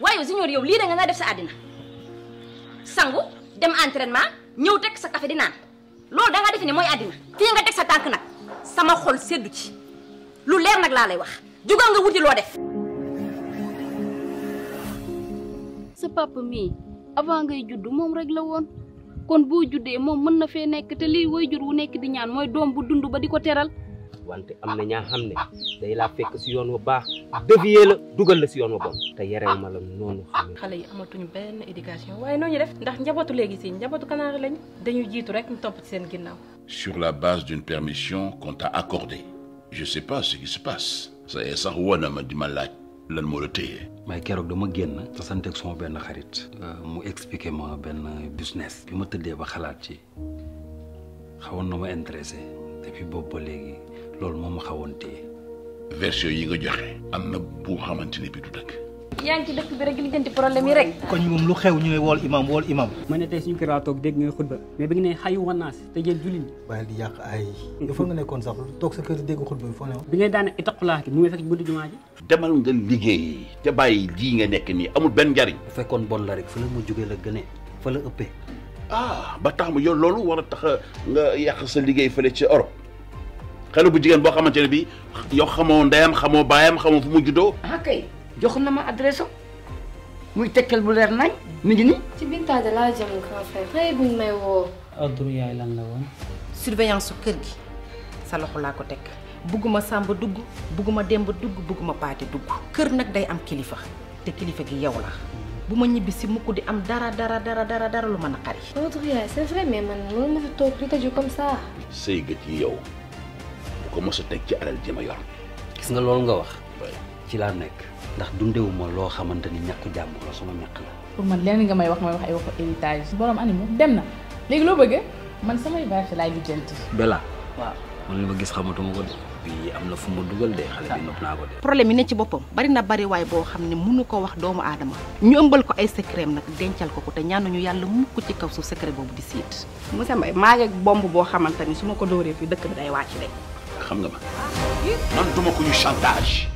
Wah, junior yow lii da nga def sa àddina sangu dem entraînement ñëw teg sa café di naan loolu da nga defe ne mooy àddina fii nga teg sa sama xol seddu ci lu leer nag laa lay wax jugal nga wuti loo def sa papa mii avant ngay judd moom rek la woon kon boo juddee moom mën na fee nekk way jur wu di ñaan bu ba wante am na ñaa xam ne day laa fekk si yoon wu baax dévier la dugal la si yoon wu bon te yarew ma la noonu xam ne xale yi amatuñu benn éducation waaye nooñu def ndax njabootu léegi si njabootu kanaara lañ dañuy jiitu rek ñu topp ci seen ginnaaw sur la base d'une permission qu'on t'a accordée je sais pas ce qui se passe sa yee sax woo na ma di ma laaj lan moo la téye. may keroog dama génn. te sant ak sama benn xarit. Euh, mu expliqué ma benn business. bi ma tëddee ba xalaat ci xawoon na ma intéressé depuis boobu ba léegi. loolu moom ma xawoon téye. version yi nga joxe. am na bu xamante ne bi du dëkk. yaa ngi dëkk bi rek lijjanti problème yi rek. koñ moom lu xew ñu ne wool imam wool imam. ma ne tey suñu kër laa toog dégg nga xutba mais bi nga ne xayu wanaas te jël julli. bàyyi di yàq ay. dafa nga nekkoon sax toog sa kër dégg xutba bi ngay daane itaqulaa ki mu ngi fekk buntu jumaa ji. demal nga liggéey te bàyyi lii nga nekk nii amul benn njariñ. bu fekkoon bon la rek fa la mu jógee la gënee fa la ëppee. ah ba tax mu yow loolu war a tax nga yàq sa liggéey fële ci oro xale bu jigéen boo xamante ne bii yow xamoo ndeyam xamoo baayam xamoo fu mu juddoo. ah kay jox na ma adresse muy tegtal bu leer nañ mi ngi nii. ci Binta de laa jëm grand frère xëy buñ may woo. ordre yaay lan la woon. surveillance su kër gi sa loxo laa ko teg bugguma sàmba dugg bugguma demba dugg dugg. kër day am kilifa te kilifa gi yow la. bu ñibbi si mukk di am dara dara dara dara dara lu ma naqari. ya, yaay c'est vrai mais man mënu ma fi toog comme ça. yow. ko mos a teg ci alal ji ma yor. gis nga lool nga wax. ci laa nekk. ndax dundewu ma loo xamante ni ñàkk jàmbur la sama ñàkk la. man lenn nga may wax may ay waxu héritage. borom animaux dem na léegi loo bëggee man samay bâche laay lijjanti. Bella. waaw ma gis xamatuma ko de. na fu mu dugal de xale bi nopp ko de. problème yi ci boppam bari na bari boo xam ne mënu ko wax doomu aadama ñu ko ay secret nag dencal ko ko te ñaanuñu yàlla mukk ci kaw suuf secret boobu di siit. monsieur Mbaye maa ngi ak bomb boo xamante ni su ma ko dóoree fii dëkk bi day wàcc de. xam nga ma man duma ko ñu chantage